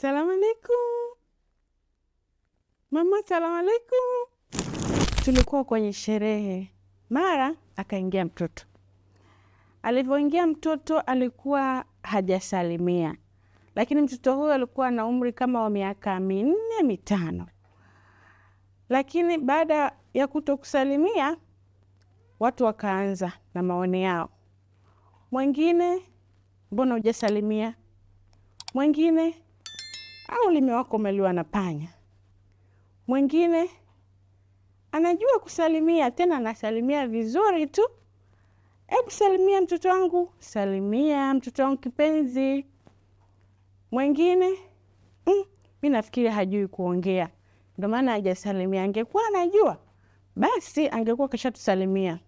Salam alaikum mama, salam alaikum. Tulikuwa kwenye sherehe, mara akaingia mtoto. Alivyoingia mtoto alikuwa hajasalimia, lakini mtoto huyo alikuwa na umri kama wa miaka minne mitano, lakini baada ya kutokusalimia watu wakaanza na maoni yao, mwengine mbona hujasalimia, mwengine au ulimi wako umeliwa na panya. Mwingine anajua kusalimia, tena anasalimia vizuri tu. Hebu salimia mtoto wangu, salimia mtoto wangu kipenzi. Mwingine mm, mi nafikiri hajui kuongea, ndio maana hajasalimia. Angekuwa anajua basi angekuwa kashatusalimia.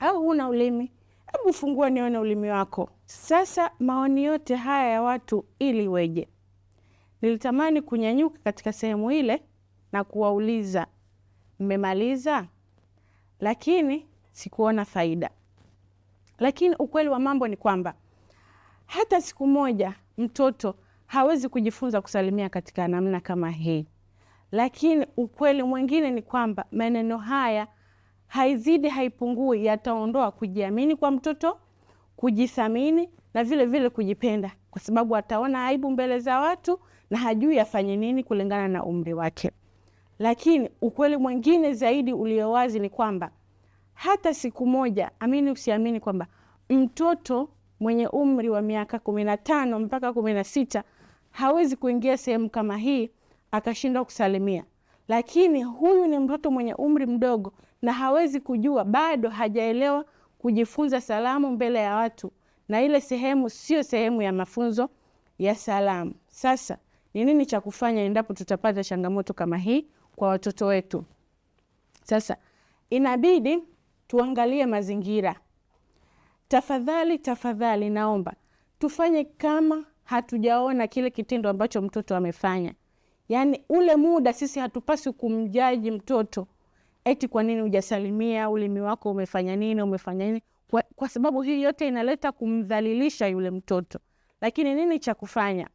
Au huna ulimi, hebu fungua nione ulimi wako. Sasa maoni yote haya ya watu ili weje? Nilitamani kunyanyuka katika sehemu ile na kuwauliza mmemaliza, lakini sikuona faida. Lakini ukweli wa mambo ni kwamba hata siku moja mtoto hawezi kujifunza kusalimia katika namna kama hii. Lakini ukweli mwingine ni kwamba maneno haya haizidi haipungui, yataondoa kujiamini kwa mtoto, kujithamini na vile vile kujipenda, kwa sababu ataona aibu mbele za watu na hajui afanye nini kulingana na umri wake. Lakini ukweli mwingine zaidi ulio wazi ni kwamba hata siku moja, amini usiamini, kwamba mtoto mwenye umri wa miaka kumi na tano mpaka kumi na sita hawezi kuingia sehemu kama hii akashindwa kusalimia. Lakini huyu ni mtoto mwenye umri mdogo na hawezi kujua, bado hajaelewa kujifunza salamu mbele ya watu na ile sehemu sio sehemu ya mafunzo ya salamu. Sasa ni nini cha kufanya endapo tutapata changamoto kama hii kwa watoto wetu? Sasa inabidi tuangalie mazingira. Tafadhali, tafadhali naomba tufanye kama hatujaona kile kitendo ambacho mtoto amefanya. Yaani ule muda sisi hatupaswi kumjaji mtoto eti kwa nini hujasalimia, ulimi wako umefanya nini, umefanya nini? Kwa, kwa sababu hii yote inaleta kumdhalilisha yule mtoto. Lakini nini cha kufanya?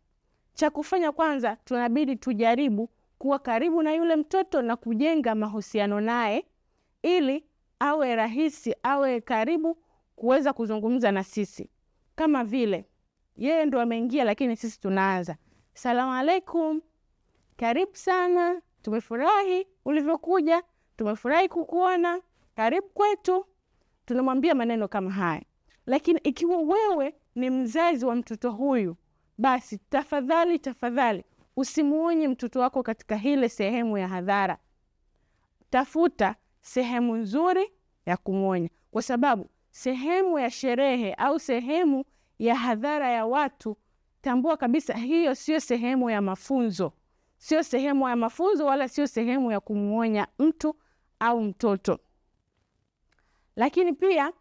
Cha kufanya kwanza, tunabidi tujaribu kuwa karibu na yule mtoto na kujenga mahusiano naye ili awe rahisi, awe karibu kuweza kuzungumza na sisi, kama vile yeye ndo ameingia, lakini sisi tunaanza salamu alaikum, karibu sana, tumefurahi ulivyokuja tumefurahi kukuona, karibu kwetu, tunamwambia maneno kama haya. Lakini ikiwa wewe ni mzazi wa mtoto huyu, basi tafadhali, tafadhali usimuonye mtoto wako katika hile sehemu ya hadhara. Tafuta sehemu nzuri ya kumwonya, kwa sababu sehemu ya sherehe au sehemu ya hadhara ya watu, tambua kabisa hiyo sio sehemu ya mafunzo, sio sehemu ya mafunzo, wala sio sehemu ya kumwonya mtu au mtoto. Lakini pia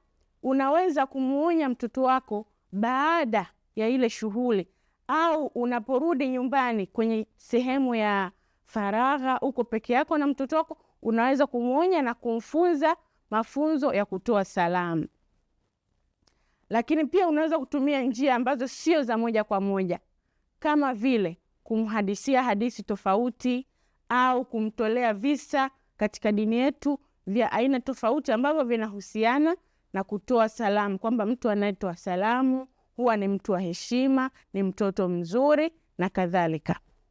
unaweza kumuonya mtoto wako baada ya ile shughuli au unaporudi nyumbani kwenye sehemu ya faragha, uko peke yako na mtoto wako, unaweza kumwonya na kumfunza mafunzo ya kutoa salamu. Lakini pia unaweza kutumia njia ambazo sio za moja kwa moja, kama vile kumhadisia hadithi tofauti au kumtolea visa katika dini yetu vya aina tofauti ambavyo vinahusiana na kutoa salamu, kwamba mtu anayetoa salamu huwa ni mtu wa heshima, ni mtoto mzuri na kadhalika.